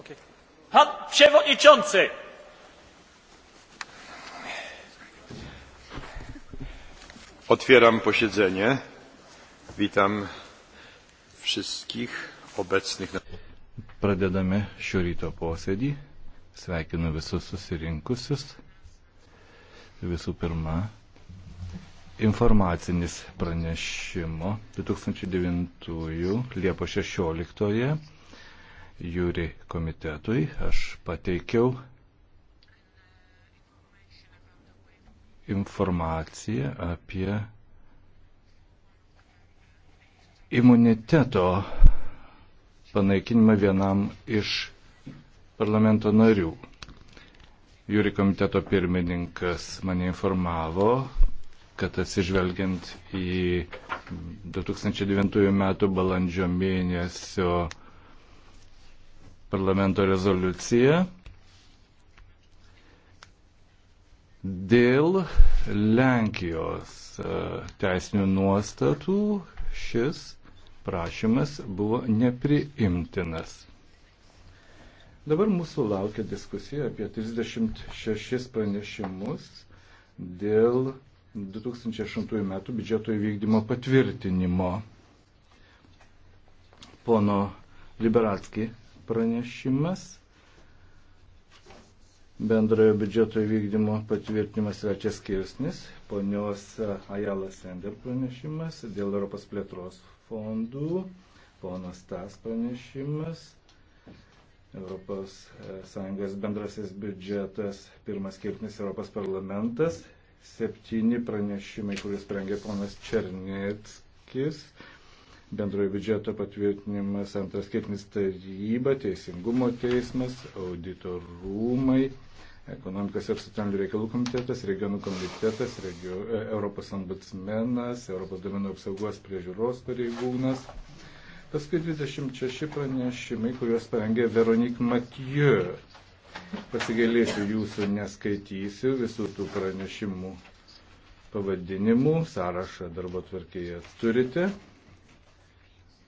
Okay. Pan przewodniczący! Otwieram posiedzenie. Witam wszystkich obecnych. Pradedame šio ryto posėdį. Sveikinu visus susirinkusius. Visų pirma, informacinis pranešimo 2009 Liepo 16 jūri komitetui. Aš pateikiau informaciją apie imuniteto panaikinimą vienam iš parlamento narių. Jūri komiteto pirmininkas mane informavo, kad atsižvelgiant į 2009 m. balandžio mėnesio parlamento rezoliuciją dėl Lenkijos e, teisinių nuostatų šis prašymas buvo nepriimtinas. Dabar mūsų laukia diskusija apie 36 pranešimus dėl 2008 m. biudžeto įvykdymo patvirtinimo. Pono Liberatski pranešimas. Bendrojo biudžeto įvykdymo patvirtinimas trečias skirsnis, ponios Ajala Sender pranešimas dėl Europos plėtros fondų, ponas Tas pranešimas, Europos e, Sąjungos bendrasis biudžetas, pirmas skirtinis Europos parlamentas, septyni pranešimai, kuris prengė ponas Černieckis, bendrojo biudžeto patvirtinimas, antras skirtinis taryba, teisingumo teismas, audito rūmai, ekonomikos ir socialinių reikalų komitetas, regionų komitetas, regio, e, Europos ombudsmenas, Europos duomenų apsaugos priežiūros pareigūnas. Paskui 26 pranešimai, kuriuos parengė Veronik Matijų. Pasigėlėsiu jūsų, neskaitysiu visų tų pranešimų pavadinimų, sąrašą darbo tvarkėje turite.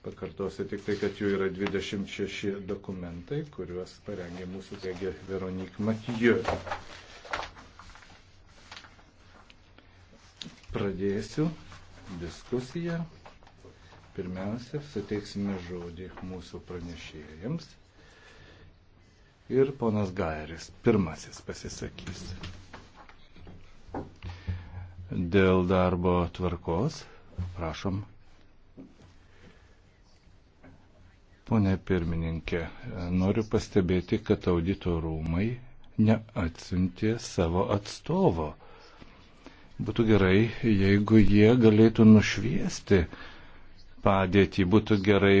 Pakartosiu tik tai, kad jų yra 26 dokumentai, kuriuos parengė mūsų kolegė Veronik Matijų. Pradėsiu diskusiją. Pirmiausia, suteiksime žodį mūsų pranešėjams. Ir ponas Gairis pirmasis pasisakys. Dėl darbo tvarkos, prašom Pone pirmininkė, noriu pastebėti, kad audito rūmai neatsintė savo atstovo. Būtų gerai, jeigu jie galėtų nušviesti padėtį, būtų gerai,